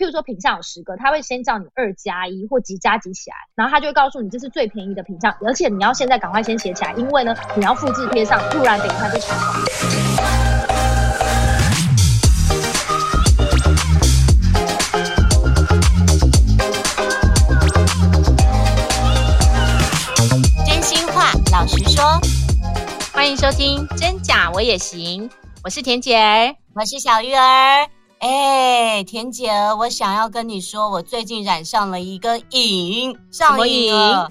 譬如說品項有十個，他會先叫你二加一或幾加幾起來，然後他就會告訴你這是最便宜的品項。而且你要現在趕快先寫起來，因為呢你要複製貼上，不然等一下就查了。真心話，老實說，歡迎收聽真假我也行，我是恬姐兒，我是小瑜兒。哎、欸，恬姐兒，我想要跟你說，我最近染上了一個癮，什麼癮？上癮？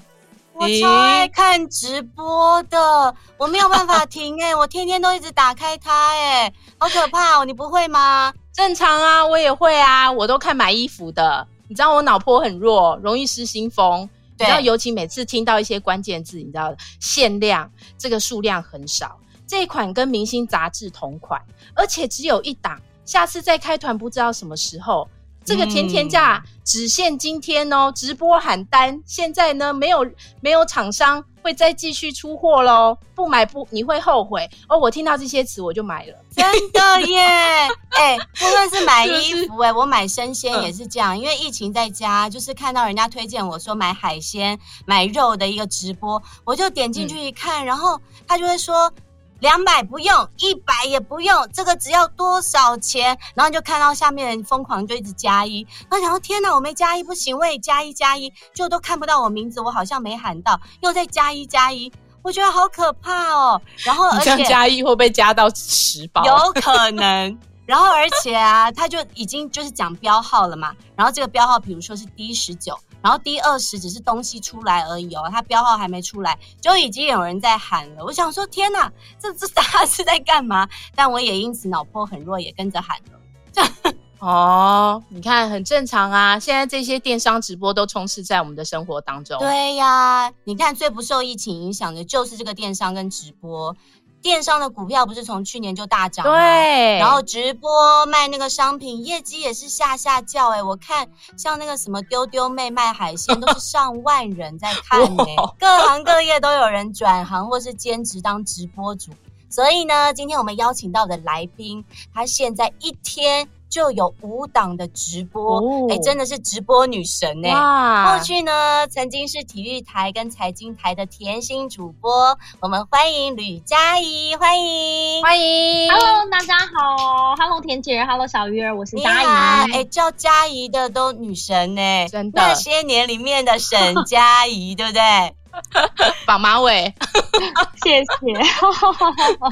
我超愛看直播的，我沒有辦法停、欸，哎， 我天天都一直打開它、欸，哎，好可怕、喔！你不會嗎？正常啊，我也會啊，我都看買衣服的。你知道我腦波很弱，容易失心瘋。然後尤其每次聽到一些關鍵字，你知道，限量這個數量很少，這款跟明星雜誌同款，而且只有一檔。下次再開團不知道什麼時候，這個甜甜價只限今天哦、喔嗯！直播喊單，現在呢沒有沒有廠商會再繼續出貨嘍，不買不你會後悔哦、喔！我聽到這些詞我就買了，真的耶！哎 Yeah, 欸，不論是買衣服哎、欸，我買生鮮也是這樣、嗯，因為疫情在家，就是看到人家推薦我說買海鮮、買肉的一個直播，我就點進去一看、嗯，然後他就會說。兩百不用，一百也不用，這個只要多少錢？然後就看到下面瘋狂就一直加一，然後想到天哪，我沒加一不行，我也加一加一，就都看不到我名字，我好像沒喊到，又再加一加一，我覺得好可怕哦、喔。然後而且加一會不會加到十包， 有可能。然後而且啊，他就已經就是講標號了嘛，然後這個標號比如說是 D 十九。然後第二十只是東西出來而已哦，它標號還沒出來就已經有人在喊了。我想說天哪，這這大家是在幹嘛？但我也因此腦波很弱，也跟着喊了。 哦，你看很正常啊。現在這些電商直播都充斥在我們的生活當中。對呀、啊，你看最不受疫情影響的就是這個電商跟直播。電商的股票不是從去年就大漲，對，然後直播賣那個商品，業績也是下下叫、欸。哎，我看像那個什麼丟丟妹賣海鮮，都是上萬人在看哎、欸。 各行各業都有人轉行或是兼職當直播主，所以呢，今天我們邀請到的來賓，他現在一天。就有五檔的直播，哎、哦欸，真的是直播女神哎、欸！過去呢，曾經是體育台跟財經台的甜心主播。我們歡迎呂佳宜，歡迎歡迎，Hello，大家好，Hello，恬姐，Hello，小瑜兒，我是佳宜，哎、欸，叫佳宜的都女神哎、欸，真的，那些年裡面的沈佳宜， 對不對？綁馬尾， 謝謝、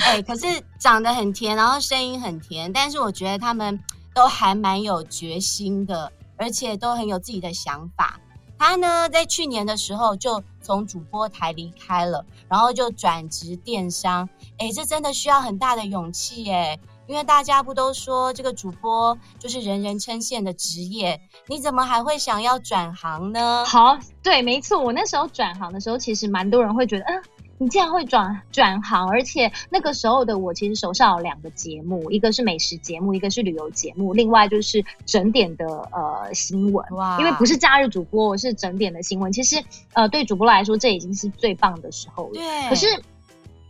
欸，可是長得很甜，然後聲音很甜，但是我覺得他們。都還蠻有決心的，而且都很有自己的想法。他呢，在去年的時候就從主播台離開了，然後就轉職電商。哎，這真的需要很大的勇氣哎、欸，因為大家不都說這個主播就是人人稱羨的職業，你怎麼還會想要轉行呢？好，對，沒錯，我那時候轉行的時候，其實蠻多人會覺得，嗯、啊。你竟然會轉轉行，而且那個時候的我其實手上有兩個節目，一個是美食節目，一個是旅遊節目，另外就是整點的呃新聞。哇，因為不是假日主播，我是整點的新聞。其實，呃，對主播來說，這已經是最棒的時候了。對，可是。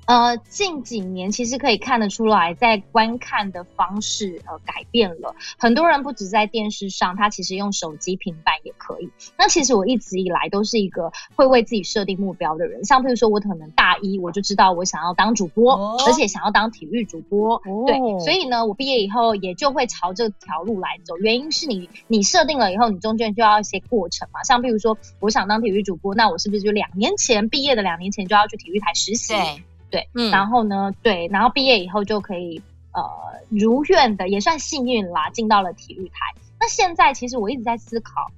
呃、uh,，近幾年其實可以看得出來，在觀看的方式呃改變了很多人，不止在電視上，他其實用手機、平板也可以。那其實我一直以來都是一個會為自己設定目標的人，像比如說我可能大一我就知道我想要當主播，oh. 而且想要當體育主播，oh. 對，所以呢，我畢業以後也就會朝這條路來走。原因是你你設定了以後，你中間就要一些過程嘛。像比如說我想當體育主播，那我是不是就兩年前畢業的？兩年前就要去體育台實習。對對、嗯，然後呢，對，然後畢業以後就可以呃如願的也算幸運啦，進到了體育台。那現在其實我一直在思考，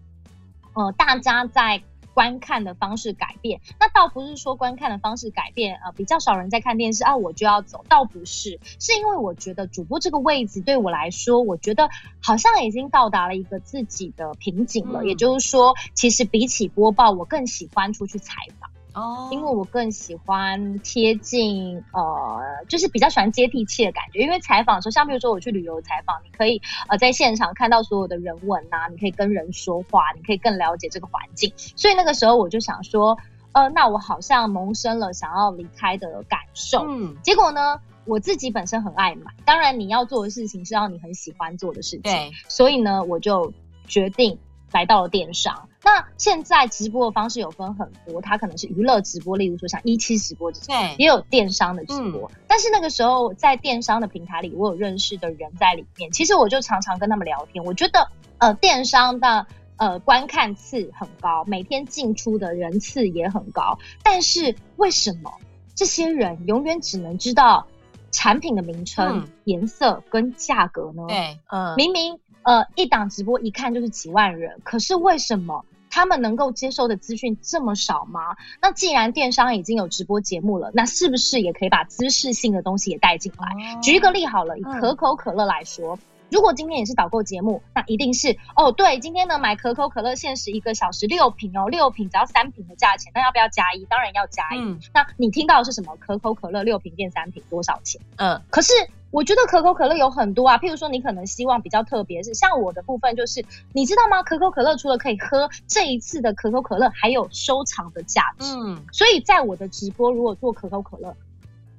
呃，大家在觀看的方式改變，那倒不是說觀看的方式改變，呃，比較少人在看電視啊，我就要走，倒不是，是因為我覺得主播這個位置對我來說，我覺得好像已經到達了一個自己的瓶頸了。嗯、也就是說，其實比起播報，我更喜歡出去採訪。哦、oh.，因為我更喜歡貼近，呃，就是比較喜歡接地氣的感覺。因為採訪的時候，像比如說我去旅遊採訪，你可以呃在現場看到所有的人文吶、啊，你可以跟人說話，你可以更了解這個環境。所以那個時候我就想說，呃，那我好像萌生了想要離開的感受。嗯，結果呢，我自己本身很愛買，當然你要做的事情是要你很喜歡做的事情。欸、所以呢，我就決定來到了電商。那現在直播的方式有分很多，它可能是娛樂直播，例如說像17直播這種，也有電商的直播。嗯、但是那個時候在電商的平台裡，我有認識的人在裡面，其實我就常常跟他們聊天。我覺得，呃，電商的呃觀看次很高，每天進出的人次也很高，但是為什麼這些人永遠只能知道產品的名稱、顏、嗯、色跟價格呢？對，嗯、明明呃一檔直播一看就是幾萬人，可是為什麼？他們能夠接收的資訊這麼少嗎？那既然電商已經有直播節目了，那是不是也可以把知識性的東西也帶進來？Oh, 舉一個例好了，以可口可樂來說，嗯，如果今天也是導購節目，那一定是哦，對，今天呢買可口可樂限時一個小時六瓶哦，六瓶只要三瓶的價錢，那要不要加一？當然要加一，嗯。那你聽到的是什麼？可口可樂六瓶變三瓶多少錢？嗯，可是，我覺得可口可樂有很多啊，譬如說你可能希望比較特別是像我的部分就是，你知道嗎？可口可樂除了可以喝，這一次的可口可樂還有收藏的價值。嗯，所以在我的直播如果做可口可樂，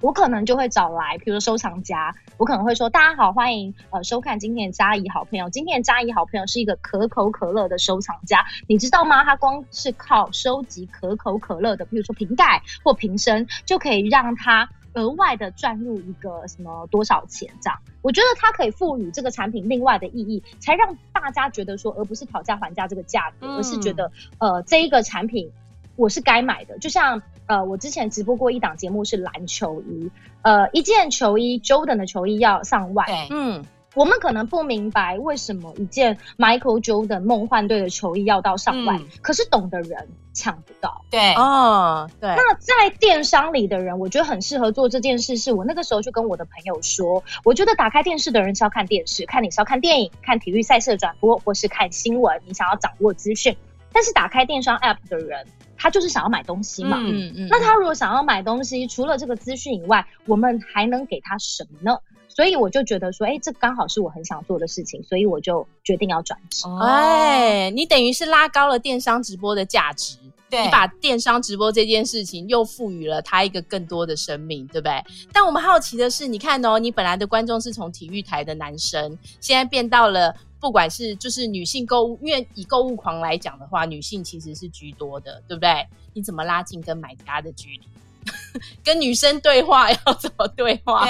我可能就會找來，譬如說收藏家，我可能會說大家好，歡迎呃收看今天的佳宜好朋友。今天的佳宜好朋友是一個可口可樂的收藏家，你知道嗎？他光是靠收集可口可樂的，譬如說瓶蓋或瓶身，就可以讓他。額外的賺入一個什麼多少錢這樣？我覺得它可以賦予這個產品另外的意義，才讓大家覺得說，而不是討價還價這個價格，而是覺得，呃，這一個產品我是該買的。就像呃，我之前直播過一檔節目是籃球衣，呃，一件球衣，Jordan 的球衣要上萬，嗯，嗯。我們可能不明白為什麼一件 Michael Jordan 夢幻隊的球衣要到上萬，嗯，可是懂的人搶不到。對，哦，對。那在電商裡的人，我覺得很適合做這件事。是我那個時候就跟我的朋友說，我覺得打開電視的人是要看電視，看你是要看電影、看體育賽事的轉播，或是看新聞，你想要掌握資訊。但是打開電商 App 的人，他就是想要買東西嘛。嗯嗯，嗯。那他如果想要買東西，除了這個資訊以外，我們還能給他什麼呢？所以我就覺得說，哎，這剛好是我很想做的事情，所以我就決定要轉職。哦，哎，你等於是拉高了電商直播的價值，對，你把電商直播這件事情又賦予了它一個更多的生命，對不對？但我們好奇的是，你看哦，你本來的觀眾是從體育台的男生，現在變到了不管是就是女性購物，因為以購物狂來講的話，女性其實是居多的，對不對？你怎麼拉近跟買家的距離？ 跟女生對話要怎麼對話？對，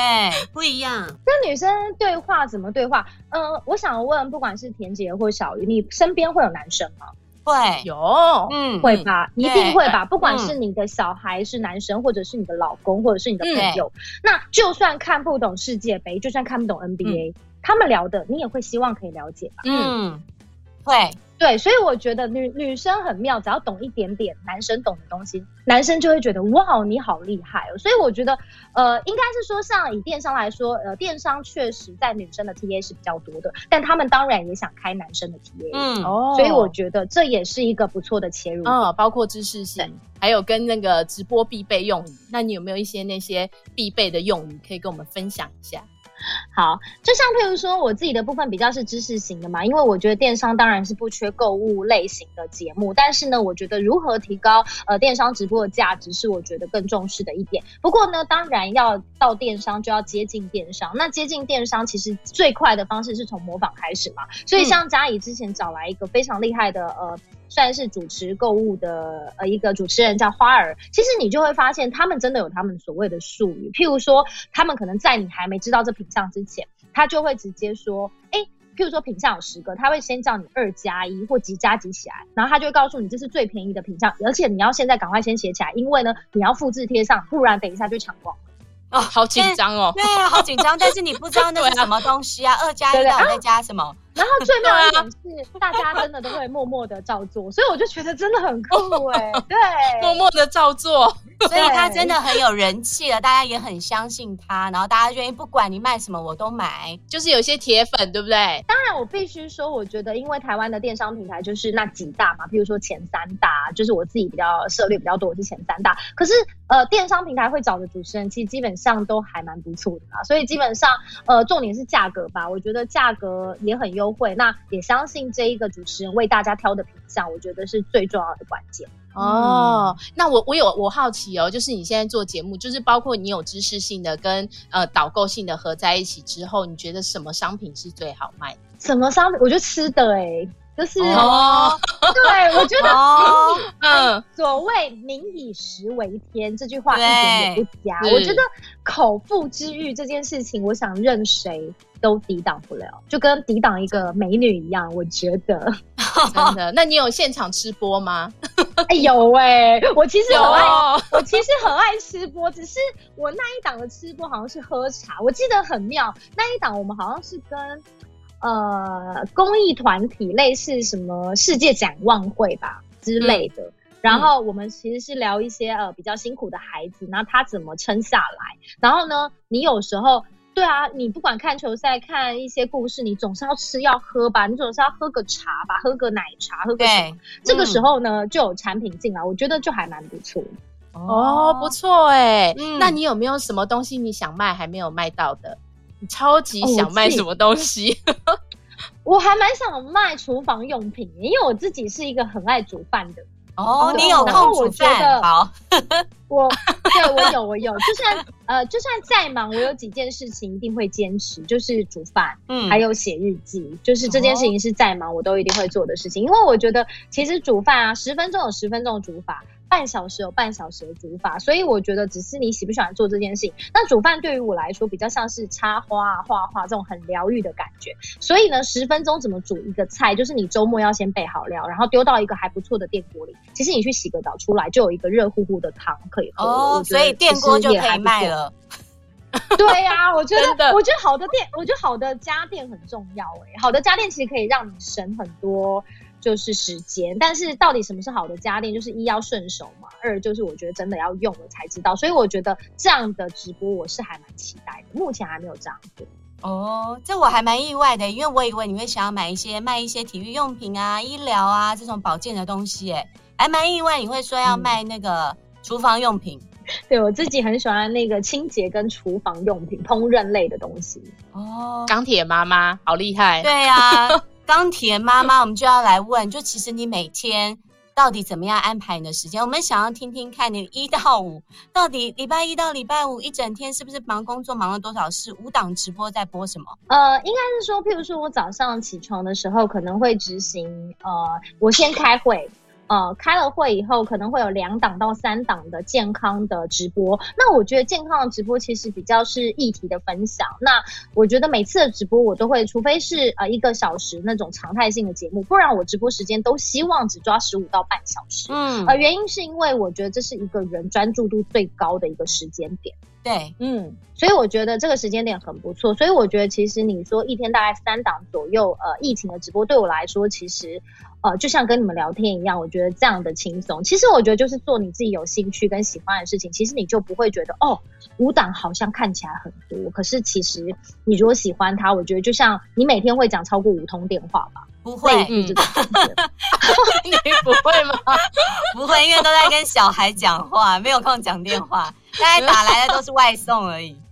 不一樣。跟女生對話怎麼對話？嗯，我想問，不管是恬姐或小瑜，你身邊會有男生嗎？會有，嗯，會吧，嗯、一定會吧。不管是你的小孩、嗯、是男生，或者是你的老公，或者是你的朋友，嗯、那就算看不懂世界杯，就算看不懂 NBA，、嗯、他們聊的，你也會希望可以了解吧？嗯，嗯會。對，所以我覺得女女生很妙，只要懂一點點男生懂的東西，男生就會覺得哇，你好厲害哦。所以我覺得，呃，應該是說像以電商來說，呃，電商確實在女生的 TA 是比較多的，但他們當然也想開男生的 TA 嗯。嗯哦，所以我覺得這也是一個不錯的切入點。啊、哦，包括知識性，還有跟那個直播必備用語。那你有沒有一些那些必備的用語可以跟我們分享一下？好，就像譬如說我自己的部分比較是知識型的嘛，因為我覺得電商當然是不缺購物類型的節目，但是呢，我覺得如何提高呃電商直播的價值是我覺得更重視的一點。不過呢，當然要到電商就要接近電商，那接近電商其實最快的方式是從模仿開始嘛。所以像佳宜之前找來一個非常厲害的、嗯、呃。算是主持購物的呃一個主持人叫花兒，其實你就會發現他們真的有他們所謂的術語，譬如說他們可能在你還沒知道這品項之前，他就會直接說，誒、欸、譬如說品項有十個，他會先叫你二加一或幾加幾起來，然後他就會告訴你這是最便宜的品項，而且你要現在趕快先寫起來，因為呢，你要複製貼上，不然等一下就搶光了哦，好緊張哦對。對啊，好緊張， 但是你不知道那是什麼東西啊，二加一到底在加什麼？對然後最妙的一點是、啊，大家真的都會默默的照做，所以我就覺得真的很酷哎、欸，對，默默的照做。所以他真的很有人氣了，大家也很相信他，然後大家願意，不管你賣什麼我都買，就是有些鐵粉，對不對？當然，我必須說，我覺得因為台灣的電商平台就是那幾大嘛，譬如說前三大，就是我自己比較涉獵比較多我是前三大。可是，呃，電商平台會找的主持人其實基本上都還蠻不錯的啦，所以基本上，呃，重點是價格吧，我覺得價格也很優惠。那也相信這一個主持人為大家挑的品相，我覺得是最重要的關鍵。哦、嗯，那我我有我好奇哦，就是你現在做節目，就是包括你有知識性的跟呃導購性的合在一起之後，你覺得什麼商品是最好賣的？什麼商品我就、欸就是哦哦？我覺得吃的哎，就、哦、是，對、欸，我覺得，嗯，所謂“民以食為天”這句話一點也不假。我覺得口腹之欲這件事情，我想任誰都抵擋不了，就跟抵擋一個美女一樣。我覺得、哦、真的，那你有現場吃播嗎？哎呦喂，我其實很愛，哦、我其實很愛吃播， 只是我那一檔的吃播好像是喝茶，我記得很妙。那一檔我們好像是跟呃公益團體，類似什麼世界展望會吧之類的、嗯。然後我們其實是聊一些呃比較辛苦的孩子，那他怎麼撐下來？然後呢，你有時候。對啊，你不管看球賽、看一些故事，你總是要吃、要喝吧，你總是要喝個茶吧，喝個奶茶，喝個什麼？這個時候呢，嗯、就有產品進來，我覺得就還蠻不錯、哦。哦，不錯哎、嗯，那你有沒有什麼東西你想賣還沒有賣到的？你超級想賣什麼東西？哦、我， 我還蠻想賣廚房用品，因為我自己是一個很愛煮飯的。哦，哦，你有，然後我，我覺得我，我好， 對我有，我有，就算呃，就算再忙，我有幾件事情一定會堅持，就是煮飯，嗯，還有寫日記，就是這件事情是再忙，哦、我都一定會做的事情，因為我覺得其實煮飯啊，十分鐘有十分鐘的煮法。半小時有、哦、半小時的煮法，所以我覺得只是你喜不喜歡做這件事情。那煮飯對於我來說比較像是插花啊、畫畫這種很療癒的感覺。所以呢，十分鐘怎麼煮一個菜？就是你周末要先備好料，然後丟到一個還不錯的電鍋裡。其實你去洗個澡出來，就有一個熱乎乎的湯可以喝。哦，所以電鍋也還不錯就可以賣了。對呀、啊，我覺得， 我覺得好的電，我覺得好的家電很重要、欸。哎，好的家電其實可以讓你省很多。就是時間，但是到底什麼是好的家電？就是一要順手嘛，二就是我覺得真的要用了才知道。所以我覺得這樣的直播我是還蠻期待的，目前還沒有這樣做。哦，這我還蠻意外的，因為我以為你會想要買一些賣一些體育用品啊、醫療啊這種保健的東西。哎，還蠻意外你會說要賣那個廚房用品。嗯、對我自己很喜歡那個清潔跟廚房用品、烹飪類的東西。哦，鋼鐵媽媽好厲害。對呀、啊。 鋼鐵媽媽，我們就要來問，就其實你每天到底怎麼樣安排你的時間？我們想要聽聽看你一到五到底禮拜一到禮拜五一整天是不是忙工作，忙了多少事？五檔直播在播什麼？呃，應該是說，譬如說我早上起床的時候，可能會執行呃，我先開會。呃，開了會以後，可能會有兩檔到三檔的健康的直播。那我覺得健康的直播其實比較是議題的分享。那我覺得每次的直播，我都會，除非是呃一個小時那種常態性的節目，不然我直播時間都希望只抓十五到半小時。嗯，呃，原因是因為我覺得這是一個人專注度最高的一個時間點。對，嗯，所以我覺得這個時間點很不錯。所以我覺得，其實你說一天大概三檔左右，呃，疫情的直播對我來說，其實呃，就像跟你們聊天一樣，我覺得這樣的輕鬆。其實我覺得就是做你自己有興趣跟喜歡的事情，其實你就不會覺得哦，五檔好像看起來很多，可是其實你如果喜歡它，我覺得就像你每天會講超過五通電話吧？不會，你這個感覺，哈哈哈你不會嗎？不會，因為都在跟小孩講話， 沒有空講電話。大家打來的都是外送而已。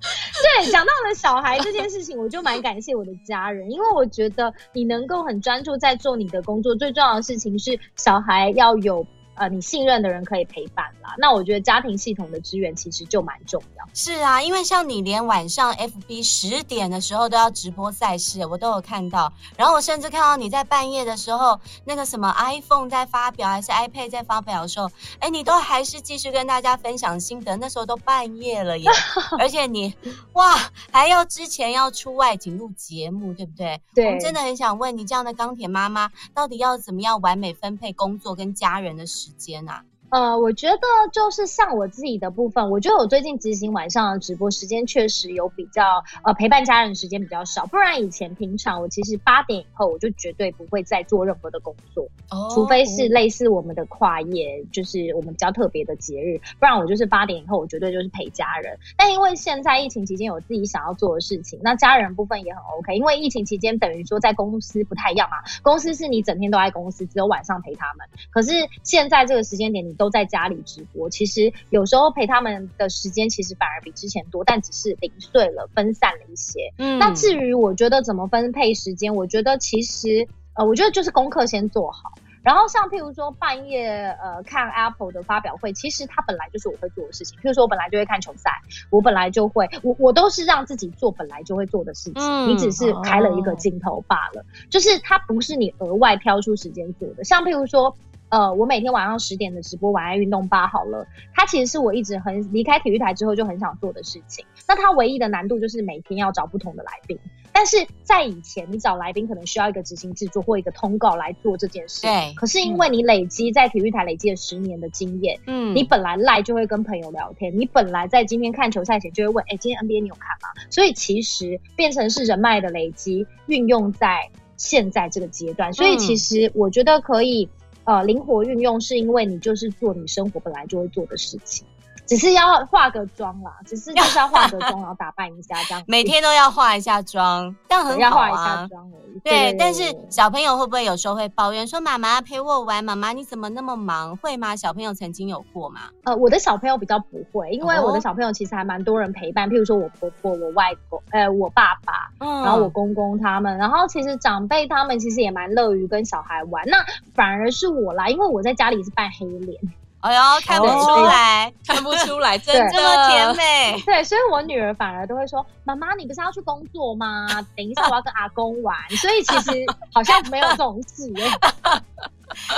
對，講到了小孩這件事情，我就蠻感謝我的家人，因為我覺得你能夠很專注在做你的工作，最重要的事情是小孩要有。呃，你信任的人可以陪伴啦。那我覺得家庭系統的支援其實就蠻重要。是啊，因為像你連晚上 FB 十點的時候都要直播賽事，我都有看到。然後我甚至看到你在半夜的時候，那個什麼 iPhone 在發表還是 iPad 在發表的時候，哎、欸，你都還是繼續跟大家分享心得。那時候都半夜了耶！ 而且你哇，還要之前要出外景錄節目，對不對？對，我真的很想問你，這樣的鋼鐵媽媽到底要怎麼樣完美分配工作跟家人的時？接納。呃，我覺得就是像我自己的部分，我覺得我最近執行晚上的直播時間確實有比較呃陪伴家人時間比較少，不然以前平常我其實八點以後我就絕對不會再做任何的工作，哦，除非是類似我們的跨夜，嗯，就是我們比較特別的節日，不然我就是八點以後我絕對就是陪家人。但因為現在疫情期間有自己想要做的事情，那家人部分也很 OK，因為疫情期間等於說在公司不太一樣啊，公司是你整天都在公司，只有晚上陪他們。可是現在這個時間點你。都在家裡直播，其實有時候陪他們的時間其實反而比之前多，但只是零碎了，分散了一些。嗯，那至於我覺得怎麼分配時間，我覺得其實呃，我覺得就是功課先做好，然後像譬如說半夜呃看 Apple 的發表會，其實它本來就是我會做的事情。譬如說，我本來就會看球賽，我本來就會，我我都是讓自己做本來就會做的事情，嗯，你只是開了一個鏡頭罷了，哦，就是它不是你額外飄出時間做的。像譬如說。呃，我每天晚上十點的直播玩《晚安運動八》好了，它其實是我一直很離開體育台之後就很想做的事情。那它唯一的難度就是每天要找不同的來賓。但是在以前，你找來賓可能需要一個執行製作或一個通告來做這件事。對。可是因為你累積在體育台累積了十年的經驗，嗯，你本來 LINE 就會跟朋友聊天，你本來在今天看球賽前就會問，哎、欸，今天 NBA 你有看嗎？所以其實變成是人脈的累積運用在現在這個階段。所以其實我覺得可以。呃，靈活運用是因為你就是做你生活本來就會做的事情，只是要化個妝啦，只是就是要化個妝，然後打扮一下這樣。 每天都要化一下妝，但很好啊。要化一下妝而已對，對，對，對，對，但是小朋友會不會有時候會抱怨說：“媽媽陪我玩，媽媽你怎麼那麼忙？”會嗎？小朋友曾經有過嗎？呃，我的小朋友比較不會，因為我的小朋友其實還蠻多人陪伴，譬如說我婆婆、我外公、呃，我爸爸。嗯、然後我公公他們，然後其實長輩他們其實也蠻樂於跟小孩玩。那反而是我啦，因為我在家裡是扮黑臉。哎、哦、呦，看不出來， 看不出來，真的這麼甜美、欸？對，所以我女兒反而都會說：“媽媽，你不是要去工作嗎？等一下我要跟阿公玩。 ”所以其實好像沒有這種事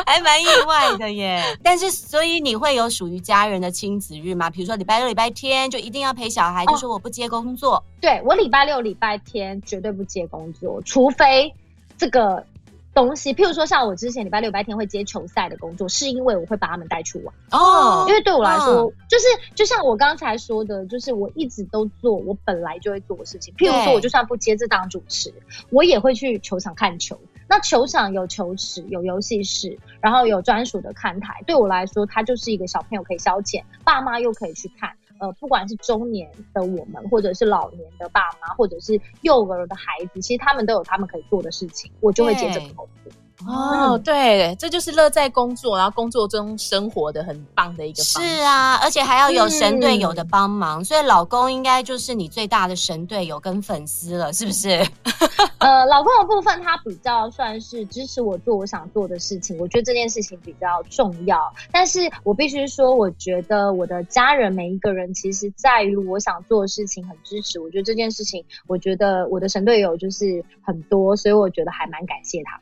還蠻意外的耶， 但是所以你會有屬於家人的親子日嗎？比如說禮拜六、禮拜天就一定要陪小孩，哦、就說我不接工作。對，我禮拜六、禮拜天絕對不接工作，除非這個東西，譬如說像我之前禮拜六、禮拜天會接球賽的工作，是因為我會把他們帶去玩哦。因為對我來說，哦、就是就像我剛才說的，就是我一直都做我本來就會做的事情。譬如說，我就算不接這檔主持，我也會去球場看球。那球場有球池，有遊戲室，然後有專屬的看台。對我來說，它就是一個小朋友可以消遣，爸媽又可以去看。呃，不管是中年的我們，或者是老年的爸媽，或者是幼兒的孩子，其實他們都有他們可以做的事情。我就會接着投資。欸哦，對，這就是樂在工作，然後工作中生活的很棒的一個方式。是啊，而且還要有神隊友的幫忙，嗯，所以老公應該就是你最大的神隊友跟粉絲了，是不是？ 呃，老公的部分，他比較算是支持我做我想做的事情，我覺得這件事情比較重要。但是我必須說，我覺得我的家人每一個人其實在於我想做的事情很支持，我覺得這件事情，我覺得我的神隊友就是很多，所以我覺得還蠻感謝他。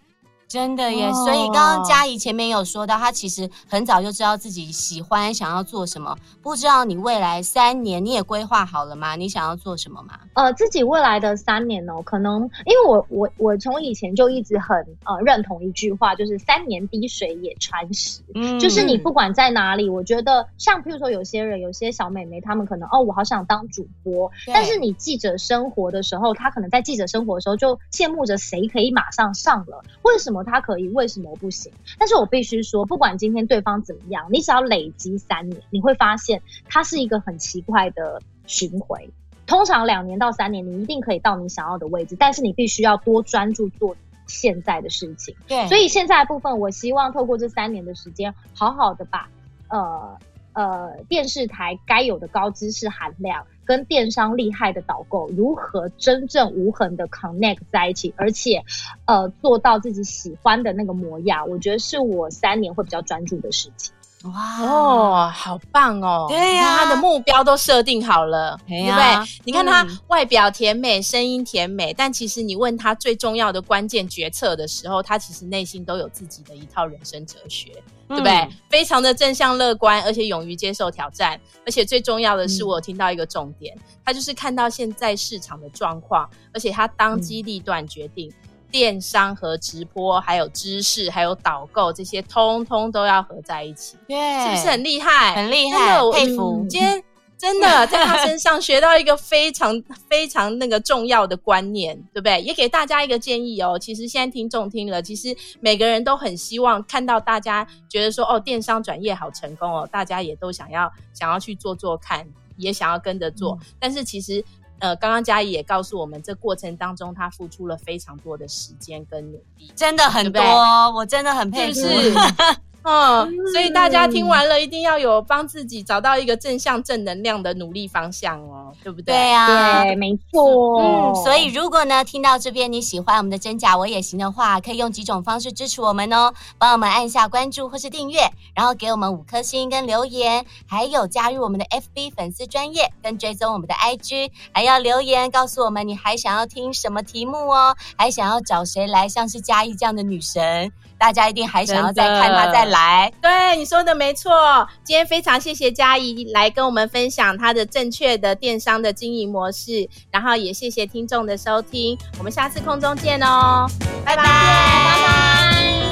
真的耶，oh. 所以剛剛佳宜前面有說到，她其實很早就知道自己喜歡想要做什麼。不知道你未來三年你也規劃好了嗎？你想要做什麼嗎？呃，自己未來的三年哦，可能因為我我我從以前就一直很呃認同一句話，就是三年滴水也穿石。嗯，就是你不管在哪裡，我覺得像譬如說有些人，有些小美眉，她們可能哦，我好想當主播。但是你記者生活的時候，她可能在記者生活的時候就羨慕着誰可以馬上上了，為什麼？他可以為什麼不行？但是我必須說，不管今天對方怎麼樣，你只要累積三年，你會發現他是一個很奇怪的循環。通常兩年到三年，你一定可以到你想要的位置，但是你必須要多專注做現在的事情。對，所以現在的部分，我希望透過這三年的時間，好好的把呃。呃，電視台該有的高知識含量，跟電商厲害的導購如何真正無痕的 connect 在一起，而且，呃，做到自己喜歡的那個模樣，我覺得是我三年會比較專注的事情。哇哦，好棒哦！對呀、啊，他的目標都設定好了對、啊，對不對？你看他外表甜美、嗯，聲音甜美，但其實你問他最重要的關鍵決策的時候，他其實內心都有自己的一套人生哲學，嗯、對不對？非常的正向樂觀，而且勇於接受挑戰，而且最重要的是，我有聽到一個重點、嗯，他就是看到現在市場的狀況，而且他當機立斷決定。嗯電商和直播，還有知識、還有導購，這些通通都要合在一起，對，是不是很厲害？很厲害，真的，佩服！我今天真的在他身上學到一個非常 非常那個重要的觀念，對不對？也給大家一個建議哦。其實現在聽眾聽了，其實每個人都很希望看到大家覺得說哦，電商轉業好成功哦，大家也都想要想要去做做看，也想要跟着做，嗯，但是其實。呃，剛剛佳宜也告訴我們，這過程當中她付出了非常多的時間跟努力，真的很多，對對，我真的很佩服，就是。 嗯，嗯，所以大家聽完了一定要有幫自己找到一個正向正能量的努力方向哦，對不對？對啊，對，沒錯。嗯，所以如果呢聽到這邊你喜歡我們的真假我也行的話，可以用幾種方式支持我們哦，幫我們按下關注或是訂閱，然後給我們五顆星跟留言，還有加入我們的 FB 粉絲專頁跟追蹤我們的 IG，還要留言告訴我們你還想要聽什麼題目哦，還想要找誰來，像是佳宜這樣的女神。大家一定還想要再看他再來，對，你說的沒錯。今天非常謝謝佳宜來跟我們分享她的正確的電商的經營模式，然後也謝謝聽眾的收聽，我們下次空中見哦，拜拜，拜拜。拜拜。